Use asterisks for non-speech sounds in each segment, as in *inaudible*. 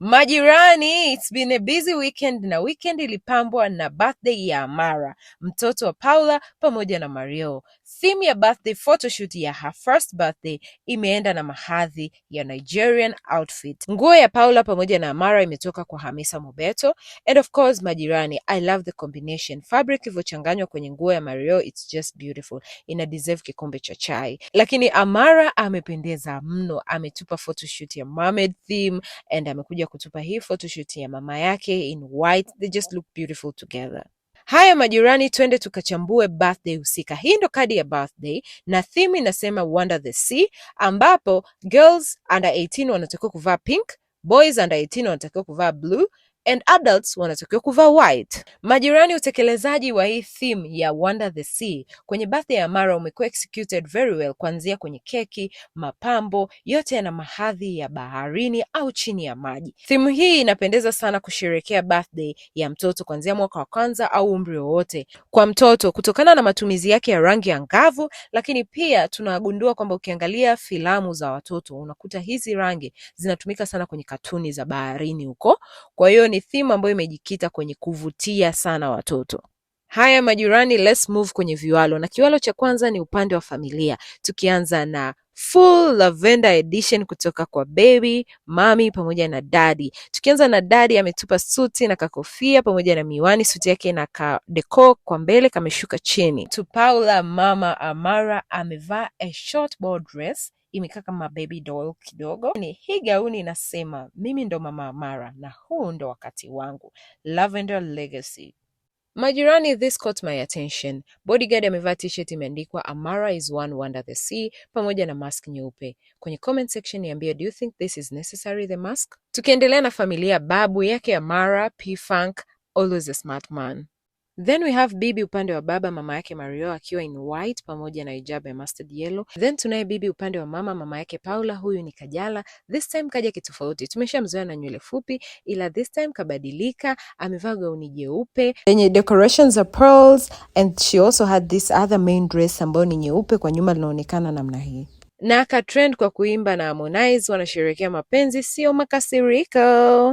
Majirani, it's been a busy weekend na weekend ilipambwa na birthday ya Amara, mtoto wa Paula pamoja na mario Theme ya birthday photoshoot ya her first birthday imeenda na mahadhi ya Nigerian outfit. Nguo ya Paula pamoja na Amara imetoka kwa Hamisa Mobeto and of course majirani, I love the combination. Fabric ilivyochanganywa kwenye nguo ya mario it's just beautiful. Ina deserve kikombe cha chai. Lakini Amara amependeza mno, ametupa photoshoot ya mermaid theme and amekuja amekuja kutupa hii photoshoot ya mama yake in white. They just look beautiful together. Haya majirani, twende tukachambue birthday husika. Hii ndo kadi ya birthday na theme inasema Wonder the Sea, ambapo girls under 18 wanatakiwa kuvaa pink, boys under 18 wanatakiwa kuvaa blue and adults wanatakiwa kuvaa white. Majirani, utekelezaji wa hii theme ya Wander the Sea kwenye birthday ya Amara umekuwa executed very well, kuanzia kwenye keki, mapambo yote yana mahadhi ya baharini au chini ya maji. Theme hii inapendeza sana kusherekea birthday ya mtoto kuanzia mwaka wa kwanza au umri wowote kwa mtoto, kutokana na matumizi yake ya rangi angavu, lakini pia tunagundua kwamba ukiangalia filamu za watoto unakuta hizi rangi zinatumika sana kwenye katuni za baharini huko, kwa hiyo ni theme ambayo imejikita kwenye kuvutia sana watoto. Haya majirani, let's move kwenye viwalo, na kiwalo cha kwanza ni upande wa familia, tukianza na full lavender edition kutoka kwa baby mami pamoja na dadi. Tukianza na dadi, ametupa suti na kakofia pamoja na miwani, suti yake na ka deco kwa mbele kameshuka chini. Paula, mama Amara amevaa a short ball dress imekaa kama baby doll kidogo. Ni hii gauni inasema mimi ndo mama Amara na huu ndo wakati wangu. Lavender Legacy. Majirani, this caught my attention. Bodyguard amevaa tshet imeandikwa Amara is one wonder the sea pamoja na mask nyeupe. Kwenye comment section niambia, do you think this is necessary the mask? Tukiendelea na familia, babu yake Amara P Funk, always a smart man. Then we have bibi upande wa baba, mama yake Mario akiwa in white pamoja na hijab ya mustard yellow. Then tunaye bibi upande wa mama, mama yake Paula, huyu ni Kajala. This time kaja kitofauti, tumeshamzoea na nywele fupi, ila this time kabadilika, amevaa gauni jeupe yenye decorations of pearls and she also had this other main dress ambayo ni nyeupe kwa nyuma linaonekana namna hii na trend kwa kuimba na Harmonize, wanasherehekea mapenzi sio makasiriko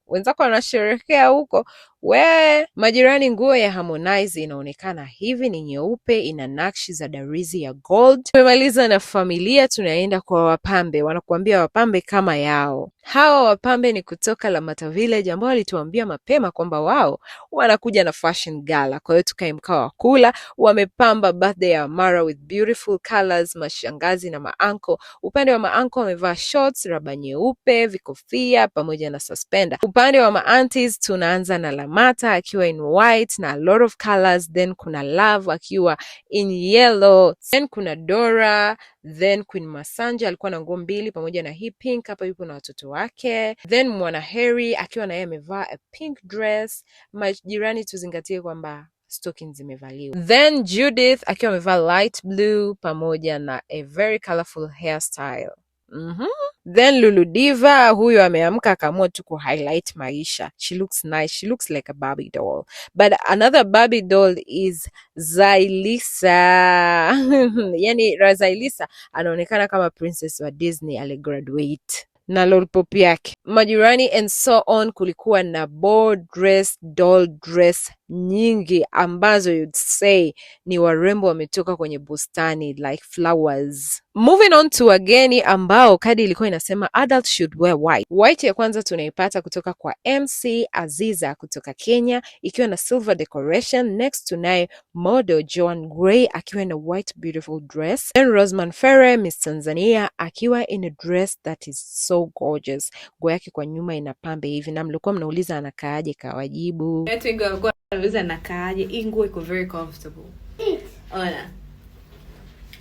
wenzako wanasherehekea huko, we majirani. Nguo ya Harmonize inaonekana hivi ni nyeupe, ina nakshi za darizi ya gold. Tumemaliza na familia, tunaenda kwa wapambe, wanakuambia wapambe kama yao. Hawa wapambe ni kutoka Lamata Village ambao walituambia mapema kwamba wao wanakuja na fashion gala. Kwa hiyo tukaimkaa wakula, wamepamba birthday ya Amara with beautiful colors, mashangazi na maanko. Upande wa maanko wamevaa shorts, raba nyeupe, vikofia pamoja na suspender. Upande wa maantis tunaanza na Lamata akiwa in white na a lot of colors, then kuna Love akiwa in yellow, then kuna Dora, then Queen Masanja alikuwa na nguo mbili pamoja na hii pink hapa, yupo na watoto wake, then mwana hery akiwa na yeye amevaa a pink dress. Majirani, tuzingatie kwamba stockings zimevaliwa. Then Judith akiwa amevaa light blue pamoja na a very colorful hairstyle mm -hmm. Then Lulu Diva huyo ameamka akaamua tu ku highlight maisha. She looks nice, she looks like a Barbie doll, but another Barbie doll is Zailisa *laughs* yani Razailisa anaonekana kama princess wa Disney aligraduate na lollipop yake majirani and so on. Kulikuwa na ball dress, doll dress nyingi ambazo you'd say ni warembo wametoka kwenye bustani like flowers. Moving on to wageni ambao kadi ilikuwa inasema adult should wear white. White ya kwanza tunaipata kutoka kwa MC Aziza kutoka Kenya ikiwa na silver decoration. Next tunaye model Joan Gray akiwa in a white beautiful dress. Then Rosman Fere Miss Tanzania akiwa in a dress that is so gorgeous. Nguo yake kwa nyuma ina pambe hivi na mlikuwa mnauliza anakaaje, kawajibu Naweza nakaaje? Hii nguo iko very comfortable. Ona.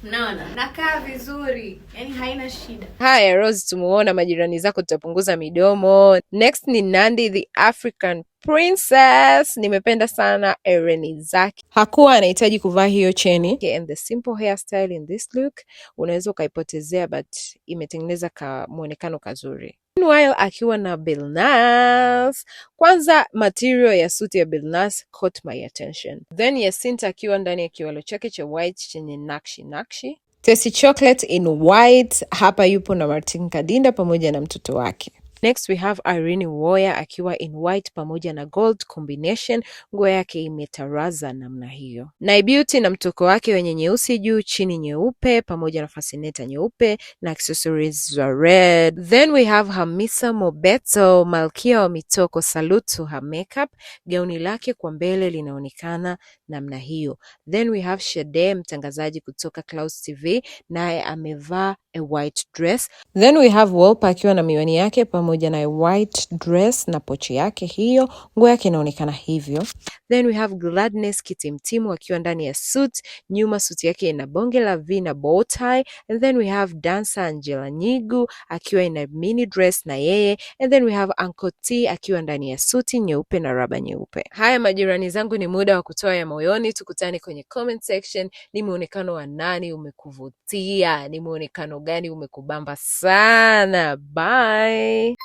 Naona. Nakaa vizuri. Yaani haina shida. Haya Rose, tumuona majirani zako, tutapunguza midomo. Next ni Nandi the African Princess. Nimependa sana ereni zake, hakuwa anahitaji kuvaa hiyo cheni. Okay, and the simple hairstyle in this look unaweza ukaipotezea, but imetengeneza ka mwonekano kazuri. Meanwhile akiwa na bilnas Kwanza material ya suti ya bilnas caught my attention, then Yasinta akiwa ndani ya kiwalo chake cha white chenye nakshi nakshi. Tesi Chocolate in white hapa yupo na Martin Kadinda pamoja na mtoto wake. Next we have Irene Woya akiwa in white pamoja na gold combination, nguo yake imetaraza namna hiyo. Beauty na mtoko wake wenye nyeusi juu chini nyeupe pamoja na fascinator nyeupe na accessories za red. Then we have Hamisa Mobeto, malkia wa mitoko. Salute to her makeup, gauni lake kwa mbele linaonekana namna hiyo. Then we have Shade, mtangazaji kutoka Clouds TV, naye amevaa a white dress. Then we have Wolper akiwa na miwani yake pamoja pamoja na white dress na pochi yake hiyo, nguo yake inaonekana hivyo. Then we have Gladness Kitimtimu akiwa ndani ya suit, nyuma sut yake ina bonge la V na bow tie. And then we have dancer Angela Nyigu akiwa ina mini dress na yeye. And then we have Uncle T akiwa ndani ya suti nyeupe na raba nyeupe. Haya majirani zangu, ni muda wa kutoa ya moyoni. Tukutane kwenye comment section. Ni muonekano wa nani umekuvutia? Ni muonekano gani umekubamba sana? Bye.